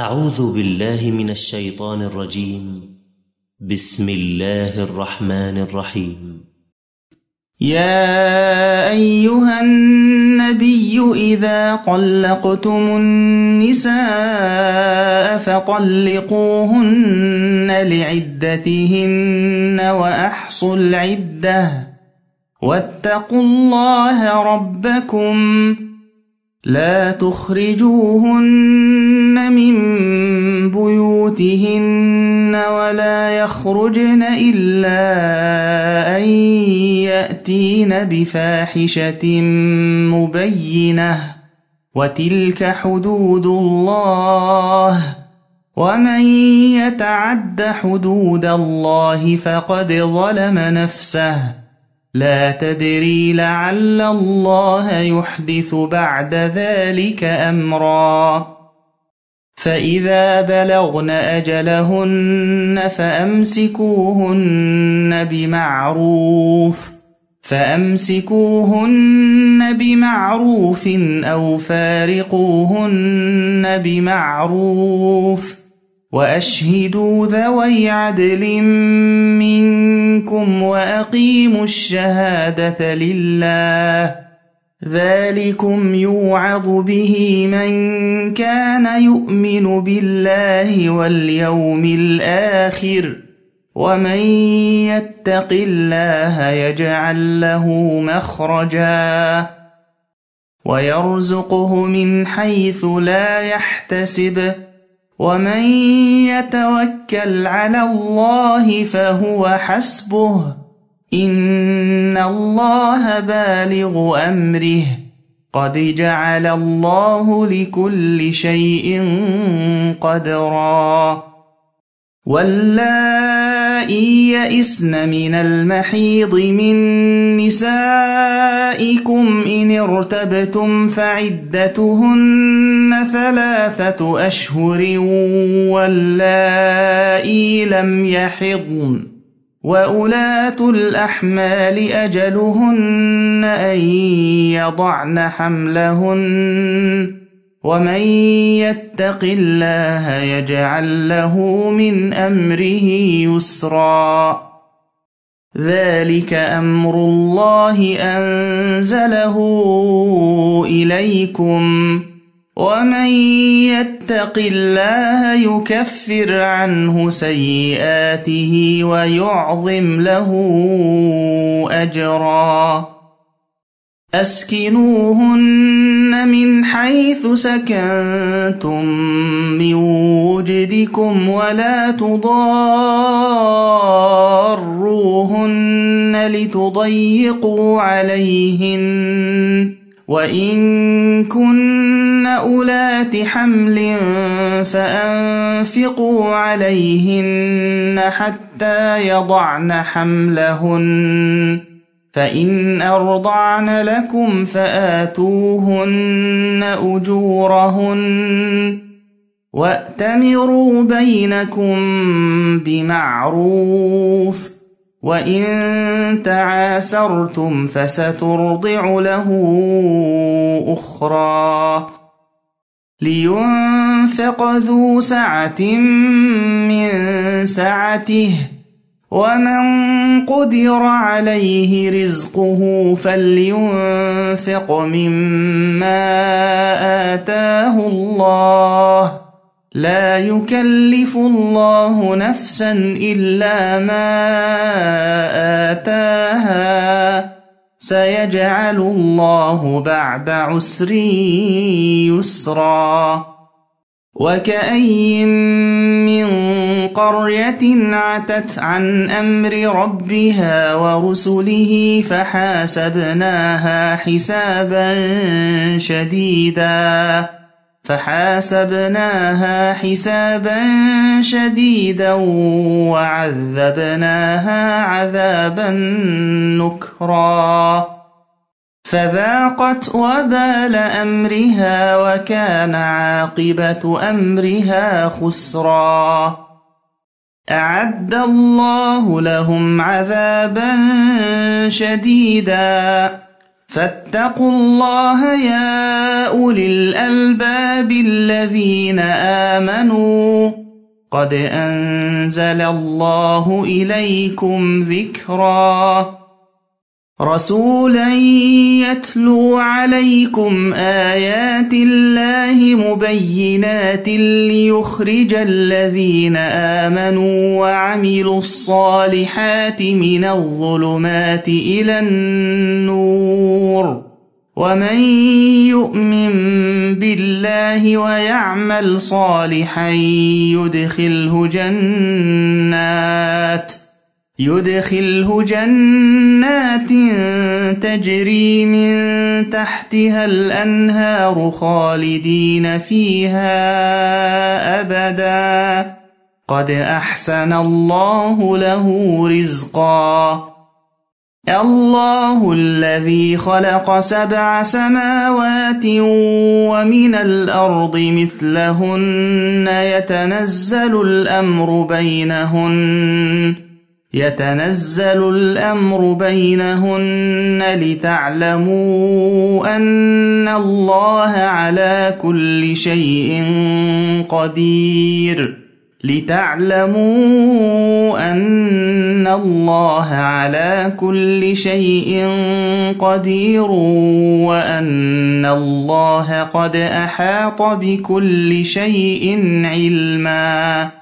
أعوذ بالله من الشيطان الرجيم بسم الله الرحمن الرحيم يا أيها النبي إذا قلقتم النساء فطلقوهن لعدتهن وأحصوا العدة واتقوا الله ربكم لا تخرجوهن من بيوتهن ولا يخرجن إلا أن يأتين بفاحشة مبينة وتلك حدود الله ومن يتعد حدود الله فقد ظلم نفسه لا تدري لعل الله يحدث بعد ذلك أمرا فإذا بلغن أجلهن فأمسكوهن بمعروف فأمسكوهن بمعروف أو فارقوهن بمعروف وأشهدوا ذوي عدل من منكم وأقيموا الشهادة لله ذلكم يوعظ به من كان يؤمن بالله واليوم الآخر ومن يتق الله يجعل له مخرجا ويرزقه من حيث لا يحتسب ومن يتوكل على الله فهو حسبه إن الله بالغ أمره قد جعل الله لكل شيء قدرا والله يئسن من المحيض من نسائكم إن ارتبتم فعدتهن ثلاثة أشهر واللائي لم يحضن وأولات الأحمال أجلهن أن يضعن حملهن ومن يتق الله يجعل له من امره يسرا ذلك امر الله انزله اليكم ومن يتق الله يكفر عنه سيئاته ويعظم له اجرا أسكنوهن من حيث سكنتم من وجدكم ولا تضاروهن لتضيقوا عليهن وإن كن أولات حمل فأنفقوا عليهن حتى يضعن حملهن فإن أرضعن لكم فآتوهن أجورهن وأتمروا بينكم بمعروف وإن تعاسرتم فسترضع له أخرى لينفق ذو سعة من سعته ومن قدر عليه رزقه فلينفق مما آتاه الله لا يكلف الله نفسا إلا ما آتاها سيجعل الله بعد عسر يسراً وكأي من قرية عتت عن أمر ربها ورسله فحاسبناها حسابا شديدا فحاسبناها حسابا شديدا وعذبناها عذابا نكرا فذاقت وبال أمرها وكان عاقبة أمرها خسرا أعد الله لهم عذابا شديدا فاتقوا الله يا أولي الألباب الذين آمنوا قد أنزل الله إليكم ذكراً رسولا يتلو عليكم آيات الله مبينات ليخرج الذين آمنوا وعملوا الصالحات من الظلمات إلى النور ومن يؤمن بالله ويعمل صالحا يدخله جنات يدخله جنات تجري من تحتها الأنهار خالدين فيها أبدا قد أحسن الله له رزقا الله الذي خلق سبع سماوات ومن الأرض مثلهن يتنزل الأمر بينهن يتنزل الأمر بينهن لتعلموا أن الله على كل شيء قدير لتعلموا أن الله على كل شيء قدير وأن الله قد أحاط بكل شيء علماً